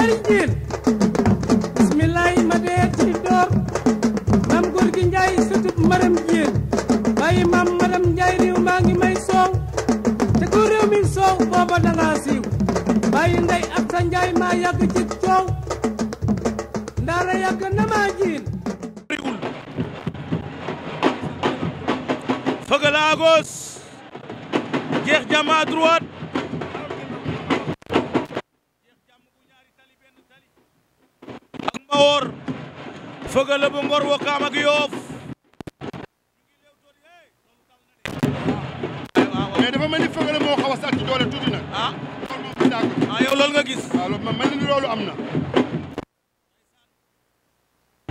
alal jiin bismillaay ma dee ci door maam góor gi njaay sëtub maram jiin bàyyi maam maram njaay réew maa ngi may soow te ko réew mi soow booba danga siiw bàyyi ndey ak sa njaay maa yàgg ci coow ndaara yàgg na maa jiin Feugeleu à gauche Diekh Diam à wóor Feugeuleu bu Ngor Wakaam ak Yoff mais dafa mel ni moo xaw a doole tuuti nag ah ah nga gis waaw loolu mel am na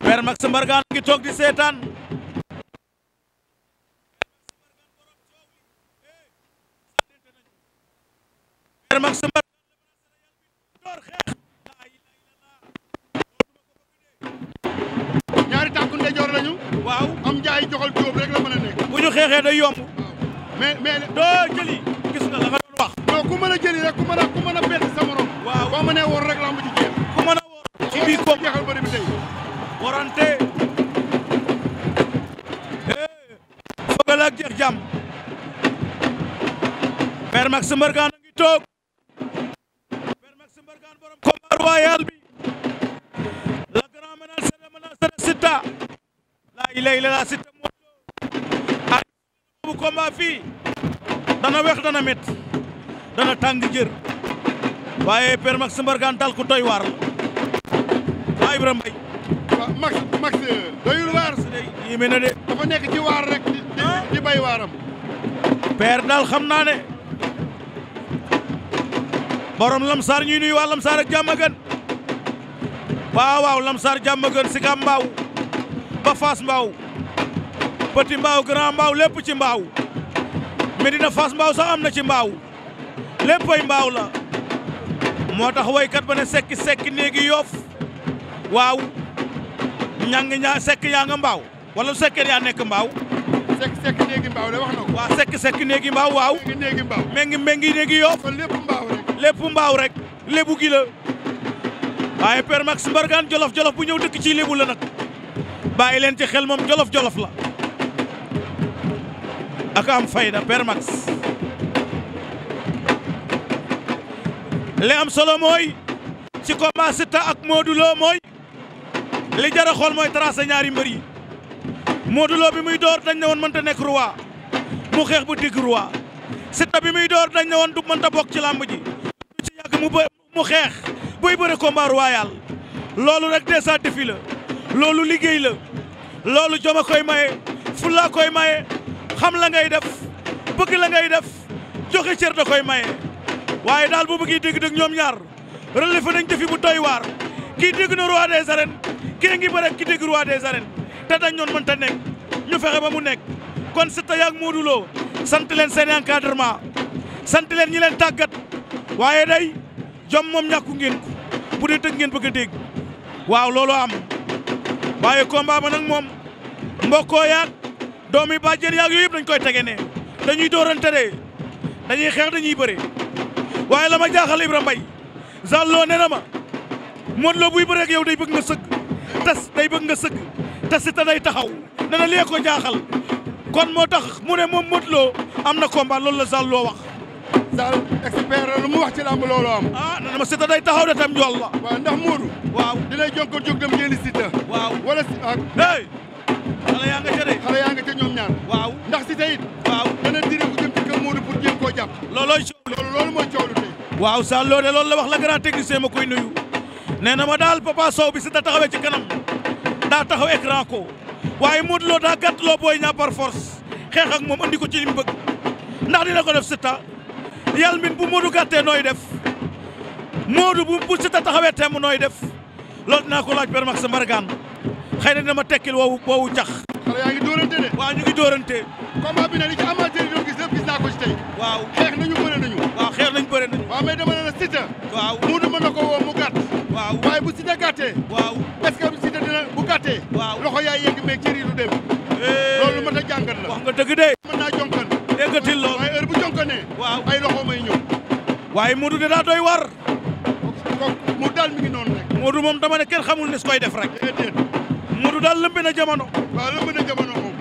Père Max Mbargane ngi toog di seetaan ay joxal Diop rek la a nekk. bu ñu xeexee day yomb. mais mais doo jëli gis ku mën a jëli rek ku mën a ku mën a bett sa morom. waaw boo mënee woor rek a ci biir warante. foog la ak jeex jàmm. Père Max Mbargane a ngi toog. Père Max Mbargane borom combat royal bi. la grand menace la menace de Siteu. la ilaha illallah Siteu. combat fii dana weex dana met dana tàng jër waaye Père Max Mbargane dal ku doy waar la waa Ibrahima Mbaye Max Max eh, doyul waar yi me na de dafa nekk ci waar rek ah. di bay waaram Père daal xam naa ne borom lamsaar ñuy nuyu waa lamsaar ak jàmmagan waaw waaw lamsaar jàmmagan sikam mbaaw ba mbaaw petit mbaaw grand mbaaw lépp ci mbaaw Médina Fass mbaaw sax am na ci mbaaw léppay mbaaw la moo tax waykat ba ne sekki sekki néegi yoof waaw ñang ñaa sekk yaa nga mbaaw wala sekkeen yaa nekk mbaaw sekk sekk néegi mbaaw la wax na ko waaw sekk sekk néegi mbaaw waaw néegi mbaaw mengi mengi néegi yoof lépp mbaaw rek lépp mbaaw rek lébu gi la waaye Père Max Mbargane jolof jolof bu ñëw dëkk ci lébu la nag bàyyi leen ci xel moom jolof jolof la aka am fayda permax Max li am solo moy ci combat ta ak modulo moy li jara xol moy tracé ñaari mbeur yi modulo bi muy door dañ neewon woon ta nek roi mu xex bu dig roi Siteu bi muy door dañ neewon du du ta bok ci lamb ji ci yag mu mu xex buy beure combat royal loolu rek dèjà défi la loolu liggéey la loolu joma koy maye fula koy maye xam la ngay def bëgg la ngay def joxe cër da koy maye waye dal bu bëggee dégg dëgg ñom ñaar relief nañ defi bu toy war ki dégg na roi des arènes ki ngi bëre ki dégg roi des arènes te dañ ñoon mën ta nekk ñu fexé ba mu nekk kon Siteu yaag Modou Lo sant leen seen encadrement sant leen ñi leen tagat waye day jom mom ñàkku ngeen ko bu dee dëgg ngeen bëgg a dégg waaw loolu am waye combat ba nak mom mboko yaak doomi bàjjen yaag yooyu yëpp dañ koy tege ne dañuy doorante de dañuy xeex dañuy bëre waaye la ma jaaxal Ibra mbay Zallo nee na ma Modou Lo buy bëre ak yow day bëgg nga sëgg tas day bëgg nga sëgg tas it day taxaw nee na lee jaaxal kon moo tax mu ne moom Modou Lo am na combat loolu la Zallo wax. Zallo expert la lu mu wax ci làmb loolu am. ah nee na day taxaw de tam njool la. waaw ndax Modou. waaw dinay jonkoo jóg dem ngeen di waaw wala si ah. xale yaa nga ca de xale yaa nga ñoom ñaar waaw ndax si tey waaw danañ dire ku jëm ci kër Modou pour koo jàpp loolooy coow loolu mooy coow lu tey waaw sa loo de loolu la wax la grand technicien ma koy nuyu nee na ma daal Papa Sow bi si da taxawee ci kanam daa taxaw écran ko waaye Modou Lo daa gàtt loo booy ñaa par xeex ak moom andi ko ci li mu bëgg ndax dina ko def Siteu yàlla min bu Modou gàttee nooy def Modou bu bu Siteu taxawee temm nooy def loolu dina ko laaj Père Max Mbargane xëy na dama tekkil woowu woowu cax. xale yaa ngi dóorante de. waaw ñu ngi dóorante. combat bi nag li ci amateur yi doon gis lépp gis naa ko ci tey. waaw xeex nañu bëre waaw xeex nañu bëre nañu. waaw mais dama ne la Siteu. waaw Modou mën ko woo mu gàtt. waaw waaye bu Siteu gàttee. waaw est-ce que Siteu dina bu gàttee. waaw loxo yaay yegg mais cër yi du eh. loolu mën a jàngat la. wax nga dëgg de. mën naa jonkan. déggatil loolu waaye heure bu jonkanee. waaw ay loxo may ñëw. waaye Modou de daa doy war. mu daal mi moom dama ne kenn xamul ni su koy def rek. Modou daal lëmbe na jamono. waaw lëmbe na jamono moom.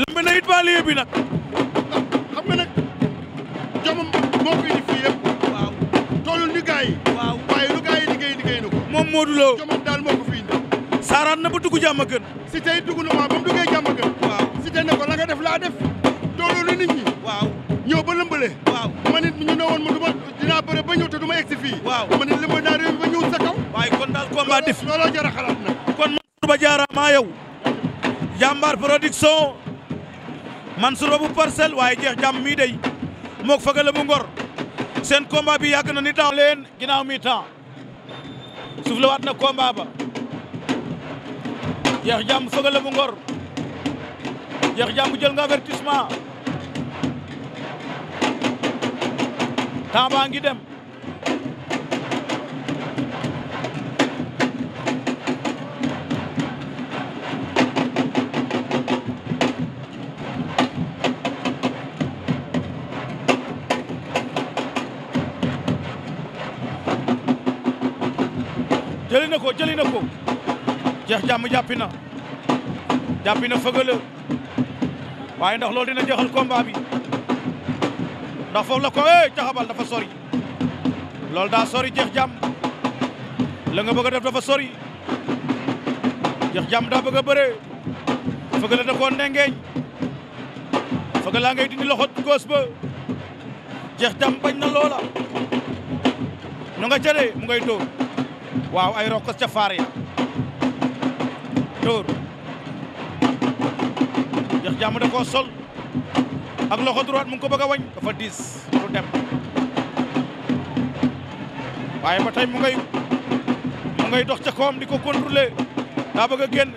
lëmbe na it banlieue bi nag. xam nga nag jomam moo ko fii yëpp. waaw tollul ni gars waaw waaye lu gars liggéey liggéey na ko. moom Modou Lo jomam daal moo ko fi indi. na ba dugg jàmm gën. si tey dugg na waaw ba mu duggee jàmm waaw si tey ne ko la nga def laa def. tollul nit ñi. waaw ñëw ba lëmbale. waaw man it ñu ne woon ma du ma dinaa bëre ba te du ma egg si fii. waaw man it lëmb naa réew ba ñëw a bajara mayaw jambar production Mansour bu parcel waye jeex jam mi day mok fagal bu ngor sen combat bi yak na ni taw len ginaaw mi temps soufle wat na combat ba jeex jam fagal bu ngor jeex jam jeul nga avertissement temps ngi dem ko jëli na ko jeex jàmm jàppi na jàppi na fëgala waaye ndax loolu dina jeexal combat bi ndax foofu la ko eh caxabal dafa sori loolu daa sori jeex jàmm la nga bëgg def dafa sori jeex jàmm daa bëgg a bëree fëgala da koo ndengeeñ fëgalaa ngay dindi loxo góos jeex jàmm bañ na loola ñu nga jëlee mu ngay dóor waaw ay rokkos ca faar ya dóor jeex jàmm da koo ak loxo droite mu ko bëgg a wañ dafa diis lu dem waaye ba tey mu ngay mu ngay dox ca koom di ko contrôler daa bëgg a génn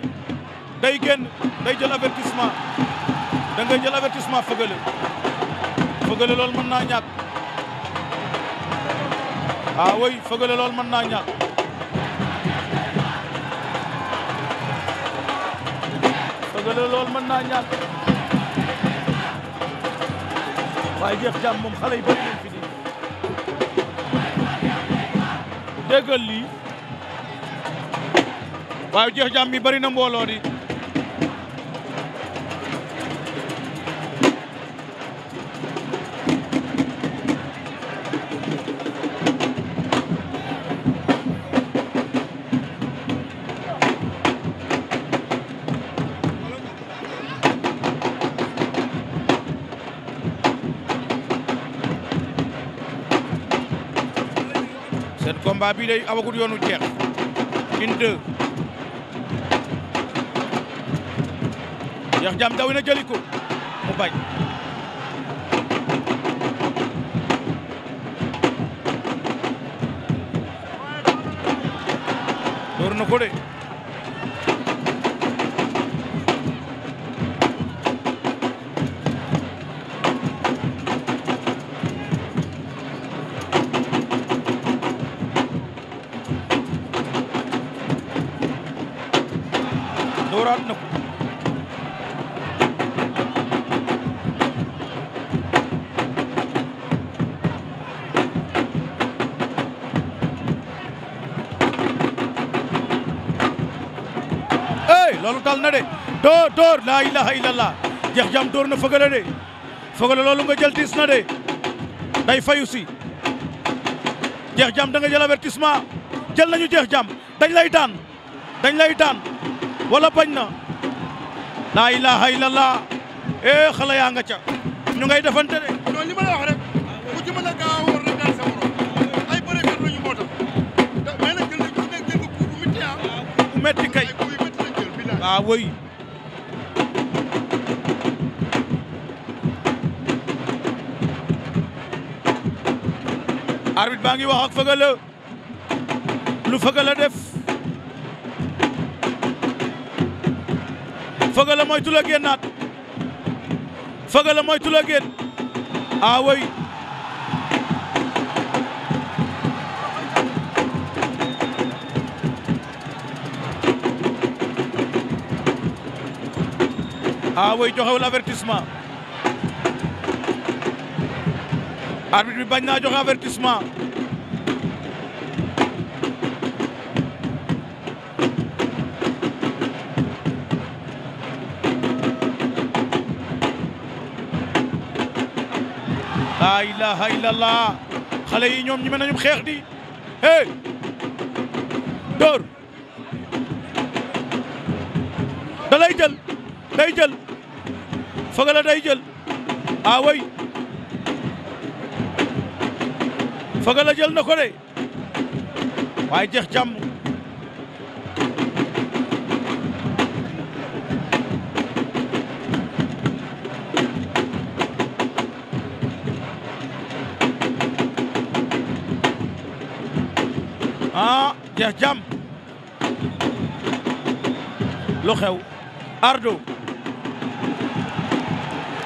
day génn day jël a da ngay jël avertissement fëgale fëgale loolu mën naa ñàkk ah oui fëgale loolu mën naa ñàkk dëgg la loolu mën naa ñàkk waaye jeex jàmm moom xale yi bëri fi di déggal lii waaye jeex jàmm mi bari na mbooloo di combat bii day amagut yoonu jeex une deux Cheikh Diam daw na jëli mu bañ door na ko dal na de door door laa ilaha illallah jeex jam door na fëgale de fëgale loolu nga jël tiis na de day fayu jeex jam da nga jël avertissement jël nañu jeex jam dañ lay daan dañ lay daan wala bañ na laa ilaha illallah eh xale yaa nga ca ñu ngay defante de loolu li wax rek ku ci mën a war na daan sa ay bërekat lañu moo tax mais nag jël nañ ku jël nga ku metti ah ku metti kay waaw ah, woy arbitre baa ngi wax ak Feugeuleu lu Feugeuleu def Feugeuleu mooy tula génnaat Feugeuleu mooy tula génn ah هاوي جوهو لافيرتيسما أربيت بيبانا جوهو لافيرتيسما لا إله إلا الله خلي نيوم نيمنا نيوم خير دي هي دور دلائجل دلائجل Feugeula day jël ah way Feugeula jël na ko de waaye jeex jàmm ah, lu xew ardo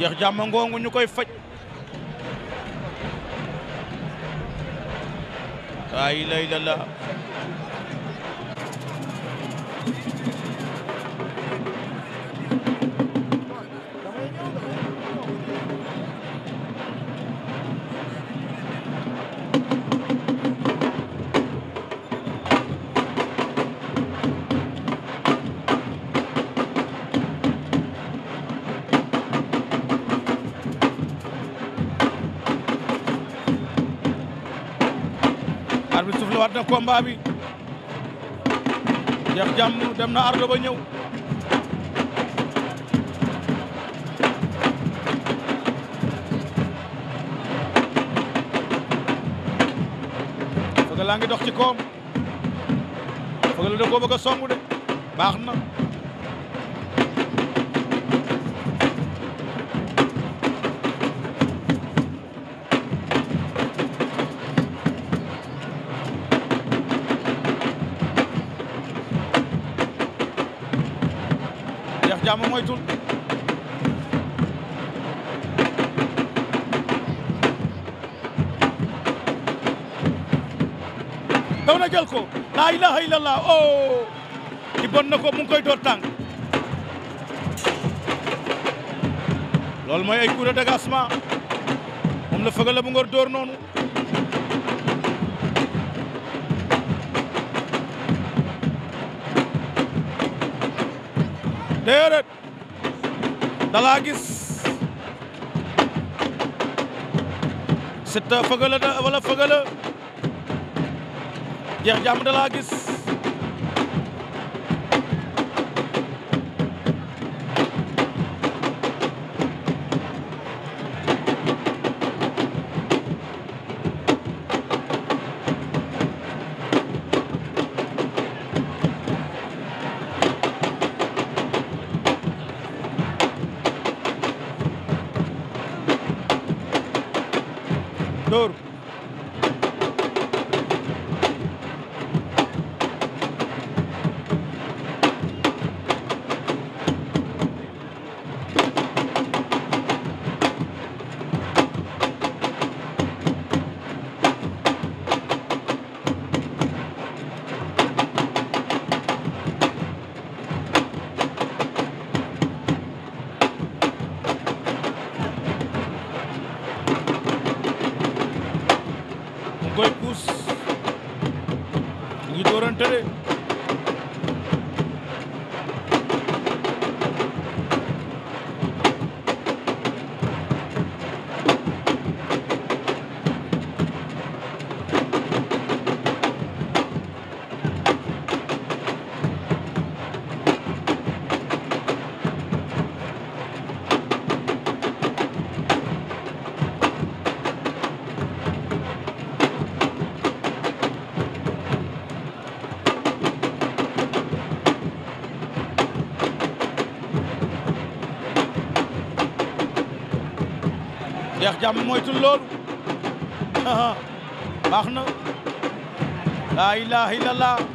jeex jàmm ñu koy faj laa ilaaha illallaah waat na combat bi Cheikh Jam dem na ardo ba ñëw fëgg laa ngi dox ci koom fëgg la da koo bëgg a song de baax na jàmm moytul daw na jël ko laa ilaha illallah oh di na ko mu ngi koy door tànk loolu mooy ay coup de dégagement moom la fëgale bu ngor door noonu déedéet da laa gis Siteu fëgg la wala jeex jàmm da laa gis Doğru. jàmm moytul loolu na laa ilaaha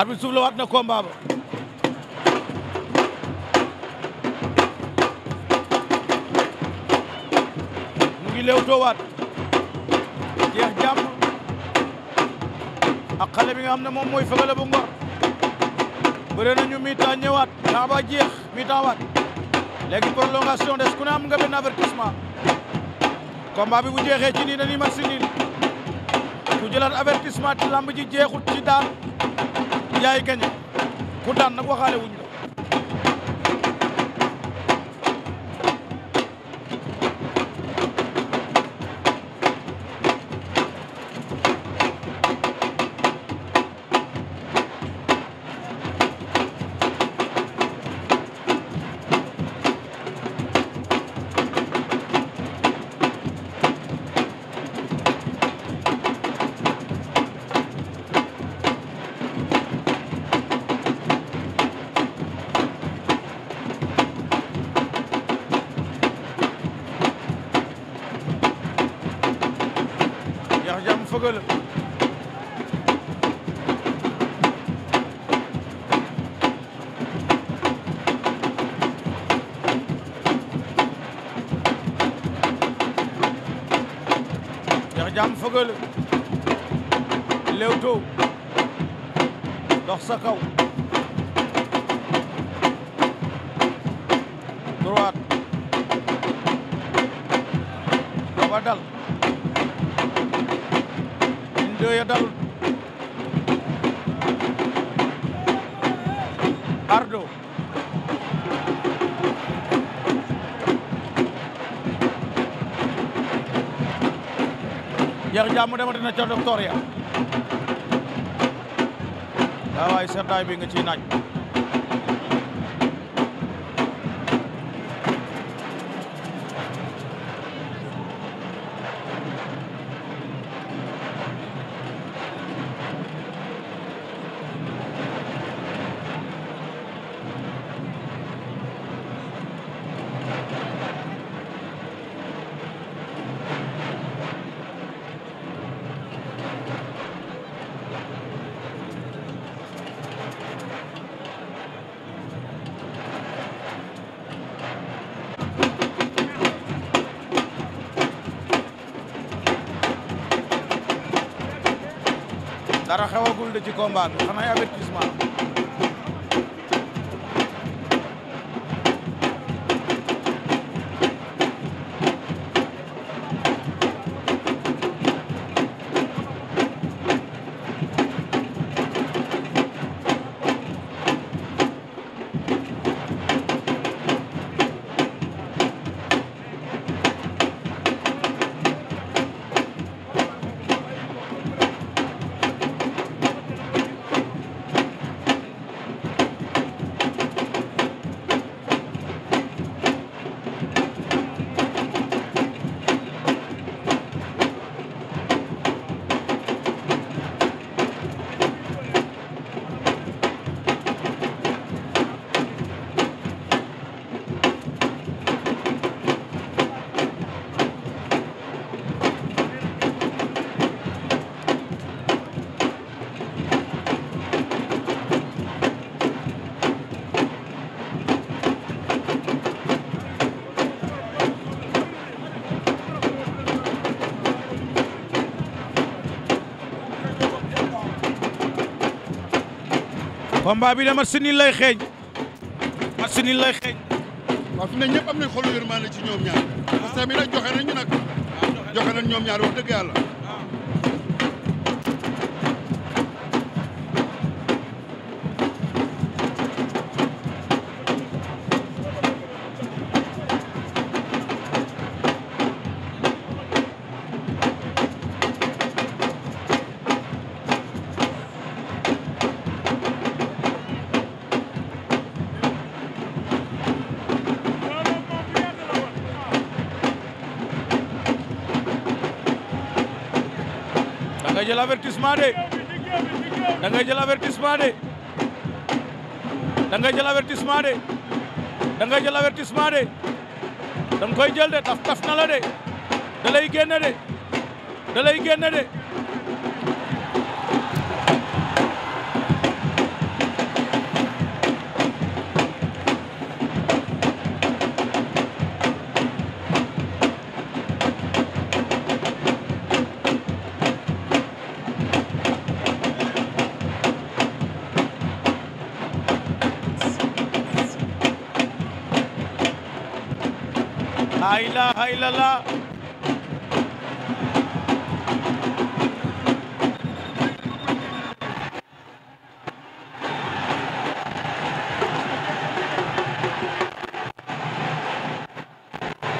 arbitre suuf la kombab? na combat ba mu jam. leewtoo waat jeex jàmm ak xale bi nga xam ne moom mooy bu Ngor bëre nañu mi-temps ñëwaat temps ba jeex mi-temps waat léegi prolongation des ku ne am nga benn avertissement combat bi bu jeexee ci nii dañuy match ku avertissement ci lamb ji jeexut ci yaay gañe ku daan na waxaale wuñu jam fëgale lewto dox sa kaw droite Cheikh Ndiamou demati na ca docteur ya waaw waay seddaay bi nga ciy naaj dara xewagul de ci combat bi xanaa avertissement combat bi na mat su ni lay xeeñ mat su ni lay xeeñ. waaw fi mu ne ñëpp am nañ xolu ci ñoom ñaar. waaw parce que tamit joxe nañ ñu nag. Ah, joxe nañ ñoom ñaar wax dëgg yàlla. Dangay jël affaire avertissement de dangay jël avertissement de dangay jël avertissement de dangay jël avertissement de danga koy jël de taf taf na la de da lay génne de da lay génne de. laa ilaaha illallah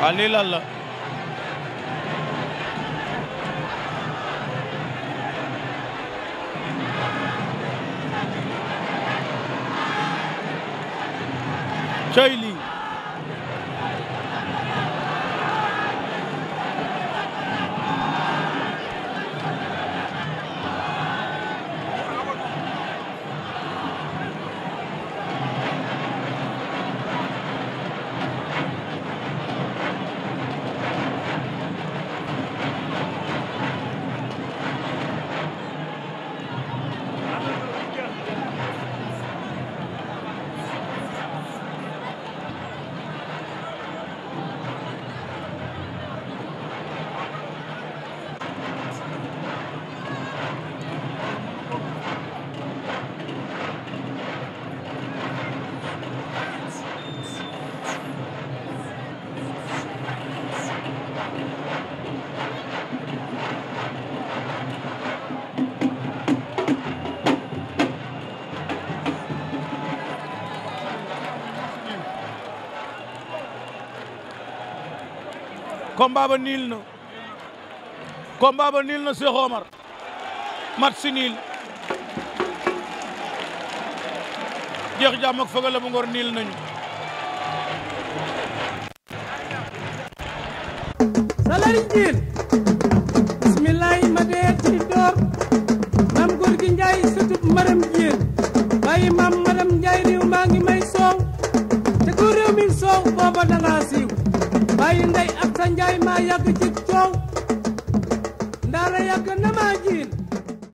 waa lii lan la combat ba niil na combat ba mat si niil jeex jàmm ak fëgal la bu ngor niil nañu salari jiin bismillahi ma dee ci door maam góor gi njaay sëtub maram jiin bàyyi maam maram njaay réew maa ngi may te ku réew mi soow booba dangaa siiw bàyyi my Maya, que